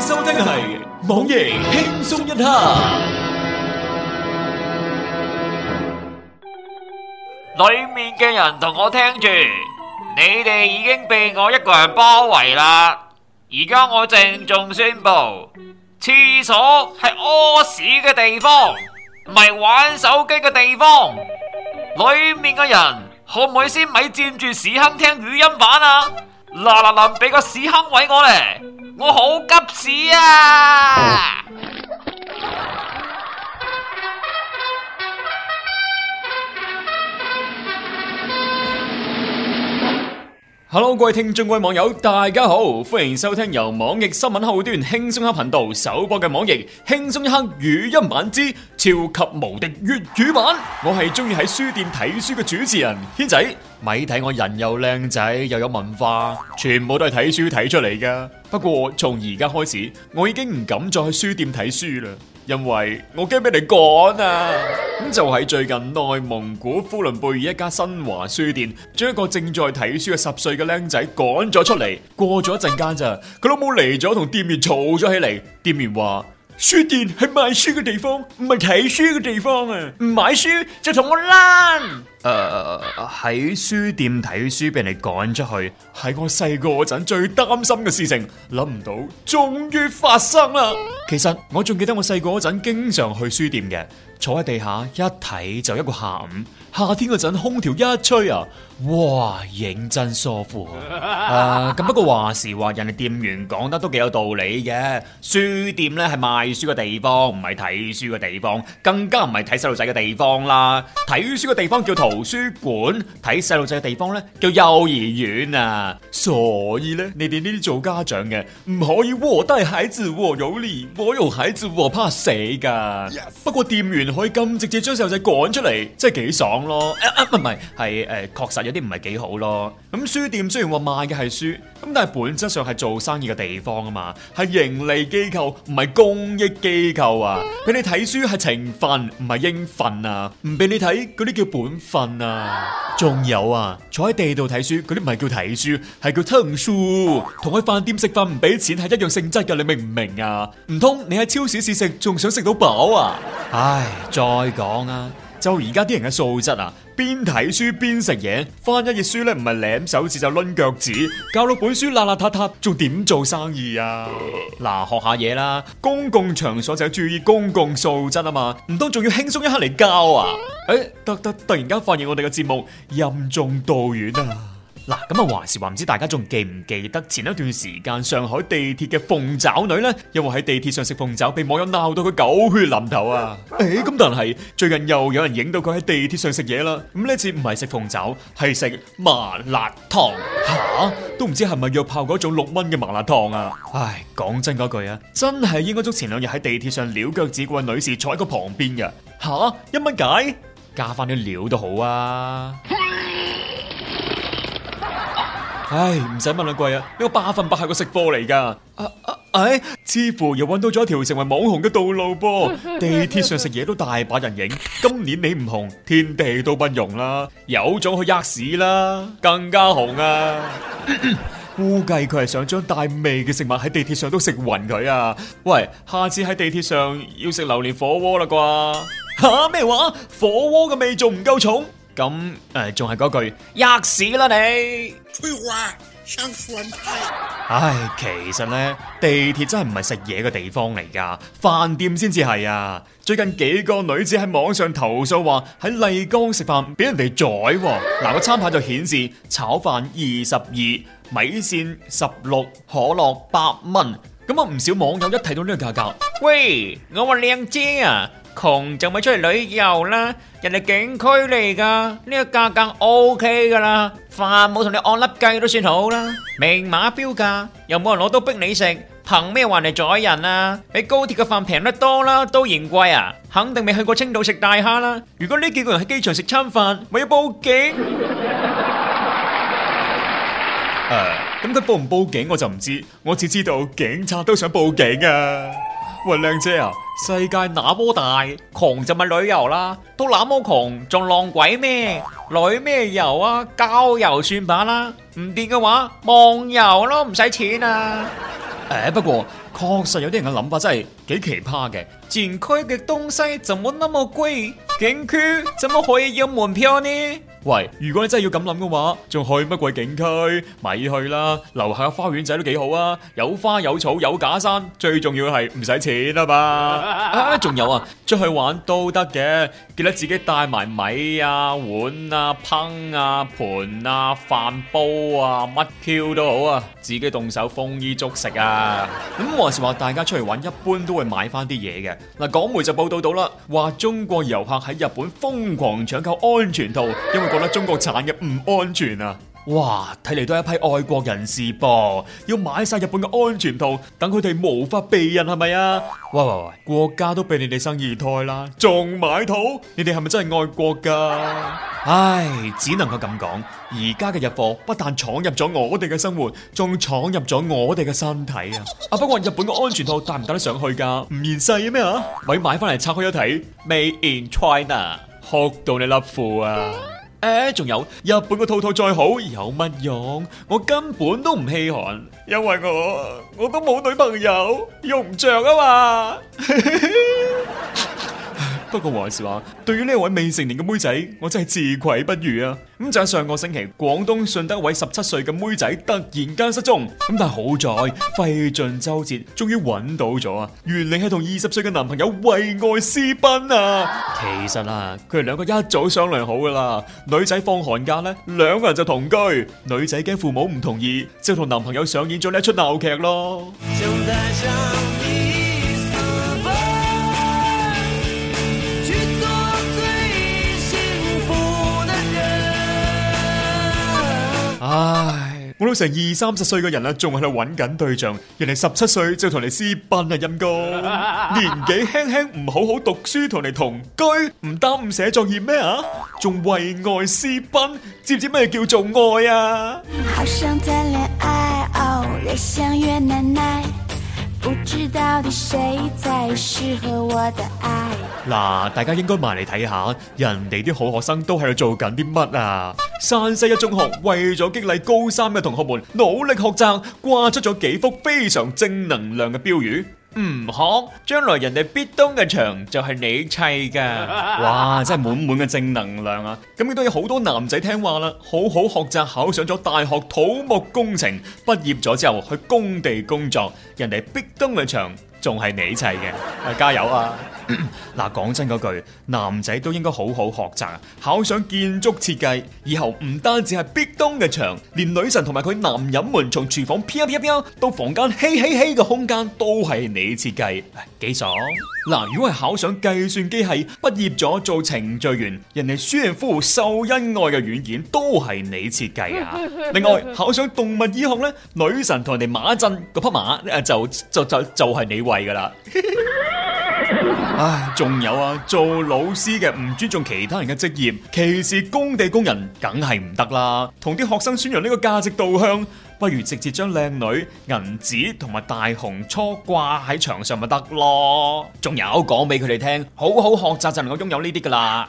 收聽係網易輕鬆一刻，裏面嘅人同我聽住，你哋已經被我一個人包圍啦。而家我鄭重宣布，廁所係屙屎嘅地方，唔係玩手機嘅地方。裏面嘅人可唔可以先咪佔住屎坑聽語音版啊？嗱嗱嗱！俾個屎坑位我咧，我好急屎啊！ hello，各位聽眾、各位網友，大家好，歡迎收聽由網易新聞客戶端輕鬆一刻頻道首播嘅網易輕鬆一刻語音版之超級無敵粵語版。我係中意喺書店睇書嘅主持人軒仔，咪睇我人又靚仔又有文化，全部都係睇書睇出嚟噶。不過從而家開始，我已經唔敢再去書店睇書啦。因為我驚俾你趕啊！咁就喺最近內蒙古呼倫貝爾一家新華書店，將一個正在睇書嘅十歲嘅僆仔趕咗出嚟。過咗一陣間咋，佢老母嚟咗同店員吵咗起嚟。店員話：書店係賣書嘅地方，唔係睇書嘅地方啊！唔買書就同我躝。誒，喺、uh, uh, uh, 書店睇書俾人趕出去，係我細個嗰陣最擔心嘅事情。諗唔到，終於發生啦！諷吉其實我仲記得我細個嗰陣經常去書店嘅，坐喺地下一睇就一個下午。195, 夏天嗰陣空調一吹啊，哇，認真舒服啊！咁、 uh, 不過話時話，人哋店員講得都幾有道理嘅。書店咧係賣書嘅地方，唔係睇書嘅地方，更加唔係睇細路仔嘅地方啦。睇書嘅地方叫圖。 on uso 圖書館睇細路仔嘅地方咧叫幼兒園啊，所以咧你哋呢啲做家長嘅唔可以禍低孩子，和有年，禍幼孩子，和怕死噶。Yes. 不過店員可以咁直接將細路仔趕出嚟，真係幾爽咯。唔係係誒，啊呃，確實有啲唔係幾好咯。咁書店雖然話賣嘅係書，咁但係本質上係做生意嘅地方啊嘛，係盈利機構，唔係公益機構啊。俾你睇書係情分，唔係應分啊，唔俾你睇嗰啲叫本分。啊！仲有啊，坐喺地度睇書，嗰啲唔係叫睇書，係叫蹭書。同喺飯店食飯唔俾錢係一樣性質噶，你明唔明啊？唔通你喺超市試食，仲想食到飽啊？唉，再講啊！就而家啲人嘅素質啊，邊睇書邊食嘢，翻一頁書咧唔係舐手指就掄腳趾，教到本書邋邋遢遢，仲點做生意啊？嗱、啊，學下嘢啦，公共場所就要注意公共素質啊嘛，唔通仲要輕鬆一刻嚟教啊？誒、欸，得得，突然間發現我哋嘅節目任重道遠啊！嗱，咁啊，話時話，唔知大家仲記唔記得前一段時間上海地鐵嘅鳳爪女呢，因為喺地鐵上食鳳爪，被網友鬧到佢狗血淋頭啊！誒，咁但係最近又有人影到佢喺地鐵上食嘢啦，咁呢次唔係食鳳爪，係食麻辣燙，吓，都唔知係咪約炮嗰種六蚊嘅麻辣燙啊！唉，講真嗰句啊，真係應該捉前兩日喺地鐵上撩腳趾嗰位女士坐喺佢旁邊㗎，吓，一蚊解加翻啲料都好啊！唉，唔使問啦，貴啊！呢個百分百係個食貨嚟噶，唉，似乎又揾到咗一條成為網紅嘅道路噃。 地鐵上食嘢都大把人影，今年你唔紅，天地都不容啦，有種去厄屎啦，更加紅啊！咳咳，估計佢係想將大味嘅食物喺地鐵上都食勻佢啊！喂，下次喺地鐵上要食榴蓮火鍋啦啩？吓，咩話？火鍋嘅味仲唔夠重？咁，誒，仲係嗰句，吔屎啦你！翠花上酸菜，唉，其實呢，地鐵真係唔係食嘢嘅地方嚟㗎，飯店先至係啊。最近幾個女子喺網上投訴話喺麗江食飯俾人哋宰喎，嗱，個餐牌就顯示炒飯二十二，米線十六，可樂八蚊。咁啊，唔少網友一睇到呢個價格，喂，我話靚姐啊！窮就咪出嚟旅遊，這個 okay，啦，人哋景區嚟噶，呢個價格 O K 噶啦，飯冇同你按粒計都算好啦，明碼標價，又冇人攞刀逼你食，憑咩話你宰人啊？比高鐵嘅飯平得多啦，都嫌貴啊！肯定未去過青島食大蝦啦。如果呢幾個人喺機場食餐飯，咪要報警。誒、 uh, 嗯，咁、嗯、佢報唔報警我就唔知，我只知道警察都想報警啊。喂，靚姐啊，世界那麼大，窮就咪旅遊啦，都那麼窮，仲浪鬼咩？旅咩遊啊？郊遊算把啦，唔掂嘅話，夢遊咯，唔使錢啊。誒、欸，不過確實有啲人嘅諗法真係幾奇葩嘅。景區嘅東西怎麼那麼貴？景區怎麼可以要門票呢？喂，如果你真係要咁諗嘅話，仲去乜鬼景區？咪去啦，樓下嘅花園仔都幾好啊，有花有草有假山，最重要係唔使錢啊嘛！啊，仲有啊，出去玩都得嘅，記得自己帶埋米啊、碗啊、烹啊、盤啊、飯煲啊，乜 Q 都好啊，自己動手豐衣足食啊！咁話時話大家出去玩，一般都會買翻啲嘢嘅。嗱，港媒就報道到啦，話中國遊客喺日本瘋狂搶購安全套，因為覺得中國產嘅唔安全啊！哇，睇嚟都係一批愛國人士噃，要買曬日本嘅安全套，等佢哋無法避孕係咪啊？喂喂喂，國家都俾你哋生二胎啦，仲買套？你哋係咪真係愛國噶？唉，只能夠咁講。而家嘅日貨不但闖入咗我哋嘅生活，仲闖入咗我哋嘅身體啊！啊，不過日本嘅安全套帶唔帶得上去噶？唔現世咩啊？咪買翻嚟拆開一睇，Made in China，哭到你甩褲啊！誒，仲有日本個套套再好，有乜用？我根本都唔稀罕，因為我我都冇女朋友，用唔着啊嘛。 不過話時話，對於呢一位未成年嘅妹仔，我真係自愧不如啊！咁就喺上個星期，廣東順德一位十七歲嘅妹仔突然間失蹤，咁但係好在費盡周折，終於揾到咗啊！原嚟係同二十歲嘅男朋友為愛私奔啊！其實啊，佢哋兩個一早商量好噶啦，女仔放寒假呢，兩個人就同居。女仔驚父母唔同意，就同男朋友上演咗呢一出鬧劇咯。唉，我老成二三十歲嘅人啦，仲喺度揾緊對象，人哋十七歲就同你私奔啊！陰公，年紀輕輕唔好好讀書，同你同居，唔耽誤寫作業咩啊？仲為愛私奔，知唔知咩叫做愛啊？嗱，大家應該埋嚟睇下，人哋啲好學生都喺度做緊啲乜啊？山西一中學為咗激勵高三嘅同學們努力學習，掛出咗幾幅非常正能量嘅標語。唔學，將來人哋壁咚嘅牆就係你砌嘅。哇，真係滿滿嘅正能量啊！咁亦都有好多男仔聽話啦，好好學習，考上咗大學土木工程，畢業咗之後去工地工作，人哋壁咚嘅牆仲係你砌嘅，加油啊！嗱，講咳咳真嗰句，男仔都應該好好學習，考上建築設計，以後唔單止係壁咚嘅牆，連女神同埋佢男人們從廚房啪啪啪到房間嘿嘿嘿嘅空間都係你設計，幾爽啊！嗱，如果係考上計算機系，畢業咗做程序員，人哋舒蘭夫秀恩愛嘅軟件都係你設計啊！另外，考上動物醫學呢，女神同人哋馬震嗰匹馬，就就就就係、就是、你餵噶啦。 唉，仲有啊，做老師嘅唔尊重其他人嘅職業，歧視工地工人，梗係唔得啦。同啲學生宣揚呢個價值導向，不如直接將靚女、銀紙同埋大紅初掛喺牆上咪得咯。仲有，講俾佢哋聽，好好學習就能夠擁有呢啲㗎啦。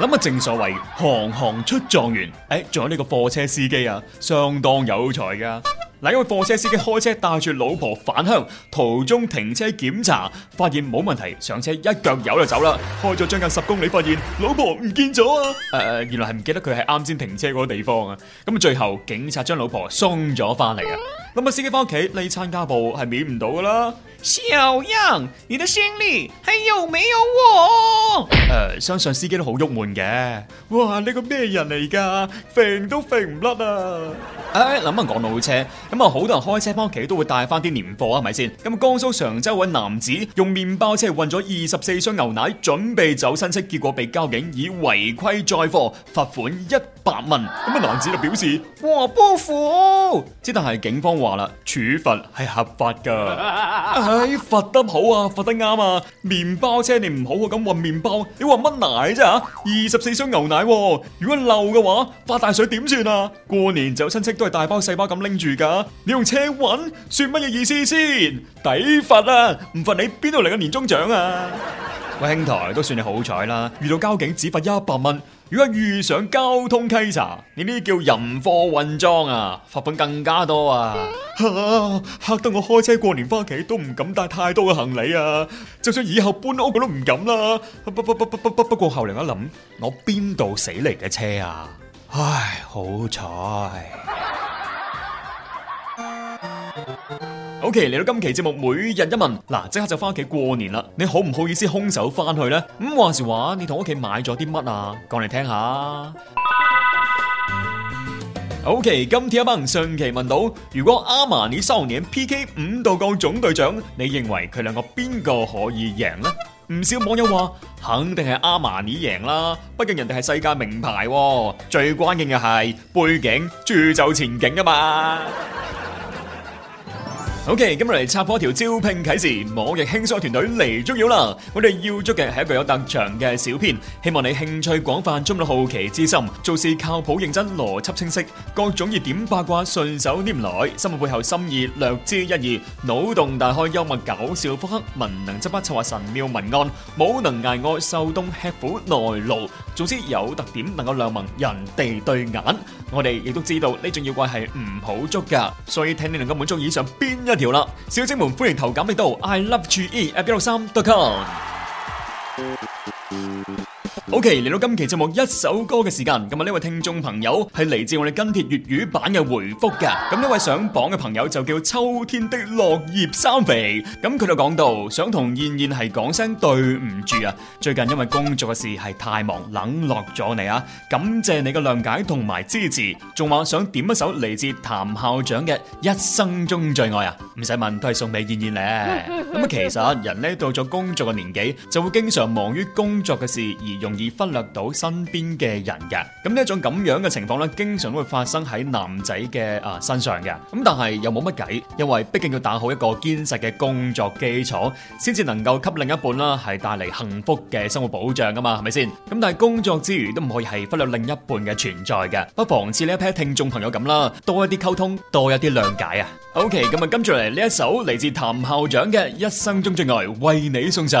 諗啊，正所謂，行行出狀元。誒、哎，仲有呢個貨車司機啊，相當有才㗎。嗱，一位貨車司機開車帶住老婆返鄉，途中停車檢查，發現冇問題，上車一腳油就走啦。開咗將近十公里，發現老婆唔見咗啊！誒、呃，原來係唔記得佢係啱先停車嗰個地方啊！咁啊，最後警察將老婆送咗翻嚟啊！諗下司機翻屋企呢餐家暴係免唔到噶啦！小樣，你的心裏還有沒有我？誒、呃，相信司機都好鬱悶嘅。哇，你個咩人嚟噶？肥都肥唔甩啊！誒、哎，諗下港島車。咁啊，好多人開車翻屋企都會帶翻啲年貨啊，係咪先？咁江蘇常州位男子用麪包車運咗二十四箱牛奶，準備走親戚，結果被交警以違規載貨罰款一百蚊。咁啊，男子就表示：哇，不服！只但係警方話啦，處罰係合法㗎。唉、 哎，罰得好啊，罰得啱啊！麪包車你唔好好、啊、咁運麪包，你運乜奶啫？二十四箱牛奶、啊，如果漏嘅話，發大水點算啊？過年走親戚都係大包細包咁拎住㗎。你用車運算乜嘢意思先？抵罰啊！唔罰你邊度嚟嘅年終獎啊！喂，兄台都算你好彩啦，遇到交警只罰一百蚊。如果遇上交通稽查，你呢啲叫人貨混裝啊，罰款更加多啊！吓、啊，吓得我開車過年返屋企都唔敢帶太多嘅行李啊！就算以後搬屋我都唔敢啦。不不不不不不不過後嚟一諗，我邊度死嚟嘅車啊！唉，好彩。O K，嚟到今期節目每日一問，嗱、啊、即刻就翻屋企過年啦！你好唔好意思空手翻去呢？咁、嗯、話時話，你同屋企買咗啲乜啊？講嚟聽下。 o、okay, K，今天一班上期問到，如果阿瑪尼少年 P K 五道槓總隊長，你認為佢兩個邊個可以贏呢？唔少網友話，肯定係阿瑪尼贏啦，畢竟人哋係世界名牌、哦，最關鍵嘅係背景鑄就前景啊嘛。OK，今日嚟插播一條招聘啟事，網易輕鬆團隊嚟捉妖啦！我哋要捉嘅係一個有特長嘅小編，希望你興趣廣泛，充滿好奇之心，做事靠譜認真，邏輯清晰，各種熱點八卦順手拈來，新聞背後心意略知一二，腦洞大開，幽默搞笑，腹黑文能執筆策劃神妙文案，武能挨餓受凍吃苦耐勞，總之有特點能夠亮明人哋對眼。我哋亦都知道呢種妖怪係唔好捉噶，所以睇你能夠滿足以上邊。一條啦，小姐們歡迎投簡歷到 I love ue f 一六三 dot com。O.K. 嚟到今期節目一首歌嘅時間，咁啊呢位聽眾朋友係嚟自我哋跟貼粵語版嘅回覆嘅，咁呢位上榜嘅朋友就叫秋天的落葉三肥，咁佢就講到想同燕燕係講聲對唔住啊，最近因為工作嘅事係太忙冷落咗你啊，感謝你嘅諒解同埋支持，仲話想點一首嚟自譚校長嘅一生中最愛啊，唔使問都係送俾燕燕咧。咁啊其實人咧到咗工作嘅年紀，就會經常忙於工作嘅事而用。而忽略到身邊嘅人嘅，咁呢一種咁樣嘅情況咧，經常都會發生喺男仔嘅啊身上嘅。咁但係又冇乜計，因為畢竟要打好一個堅實嘅工作基礎，先至能夠給另一半啦係帶嚟幸福嘅生活保障噶嘛，係咪先？咁但係工作之餘都唔可以係忽略另一半嘅存在嘅，不妨似呢一 pair 聽眾朋友咁啦，多一啲溝通，多一啲諒解啊。OK，咁啊跟住嚟呢一首嚟自譚校長嘅《一生中最愛》，為你送上。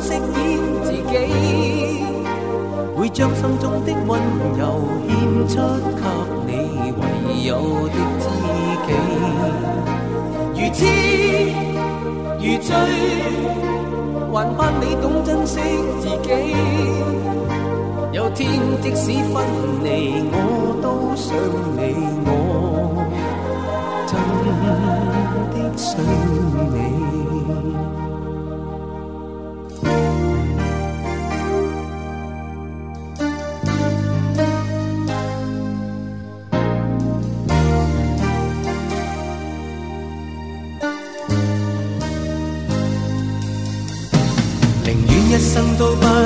飾演自己，會將心中的温柔獻出給你，唯有的知己。如痴如醉，還盼你懂珍惜自己。有天即使分離，我都想你，我真的想你。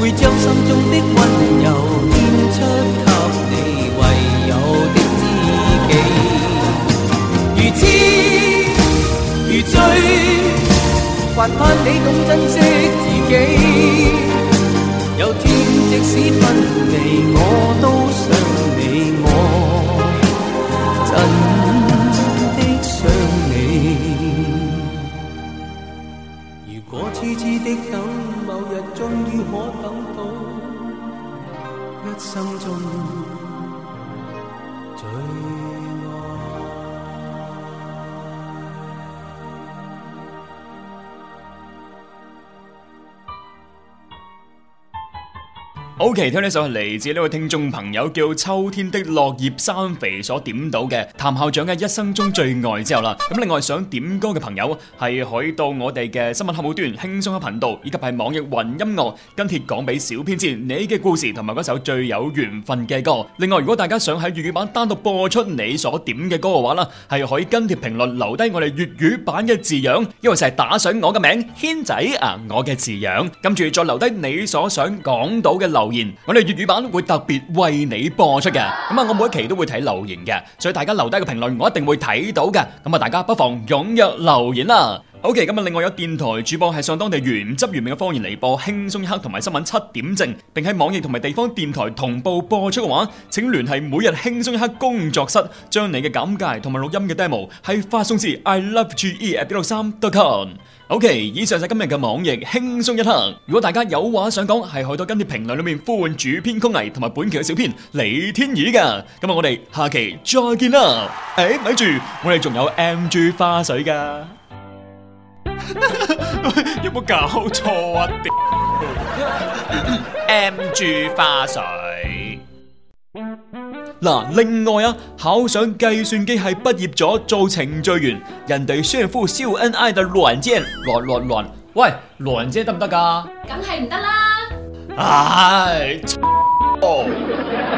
會將心中的溫柔獻出給你，唯有的知己。如痴如醉，還盼你懂珍惜自己。有天即使分離，我都想你。我真。的等，某日終於可等到，一生中。好，OK，聽呢一首嚟自呢位聽眾朋友叫秋天的落葉生肥所點到嘅譚校長嘅一生中最愛之後啦，咁另外想點歌嘅朋友係可以到我哋嘅新聞客戶端輕鬆嘅頻道，以及係網易雲音樂跟帖講俾小編知你嘅故事同埋嗰首最有緣分嘅歌。另外，如果大家想喺粵語版單獨播出你所點嘅歌嘅話啦，係可以跟帖評論留低我哋粵語版嘅字樣，因為就係打上我嘅名軒仔啊，我嘅字樣，跟住再留低你所想講到嘅留言。留言，我哋粵語版會特別為你播出嘅。咁啊，我每一期都會睇留言嘅，所以大家留低個評論，我一定會睇到嘅。咁啊，大家不妨踴躍留言啦！OK，今日另外有電台主播係上當地原汁原味嘅方言嚟播輕鬆一刻同埋新聞七點正，並喺網易同埋地方電台同步播出嘅話，請聯繫每日輕鬆一刻工作室，將你嘅簡介同埋錄音嘅 demo 係發送至 i love ge at、163 dot com。OK，以上就今日嘅網易輕鬆一刻。如果大家有話想講，係可以到跟住評論裏面呼喚主編曲毅同埋本期嘅小編李天宇噶。今日我哋下期再見啦。誒、欸，咪住我哋仲有 M G 花絮噶。 有冇搞錯啊？點 ？M G 花水嗱，另外啊，考上計算機系畢業咗做程序員，人哋雖然呼燒 N I 的羅人姐，羅羅羅，喂，羅人姐得唔得噶？梗係唔得啦！唉、哎，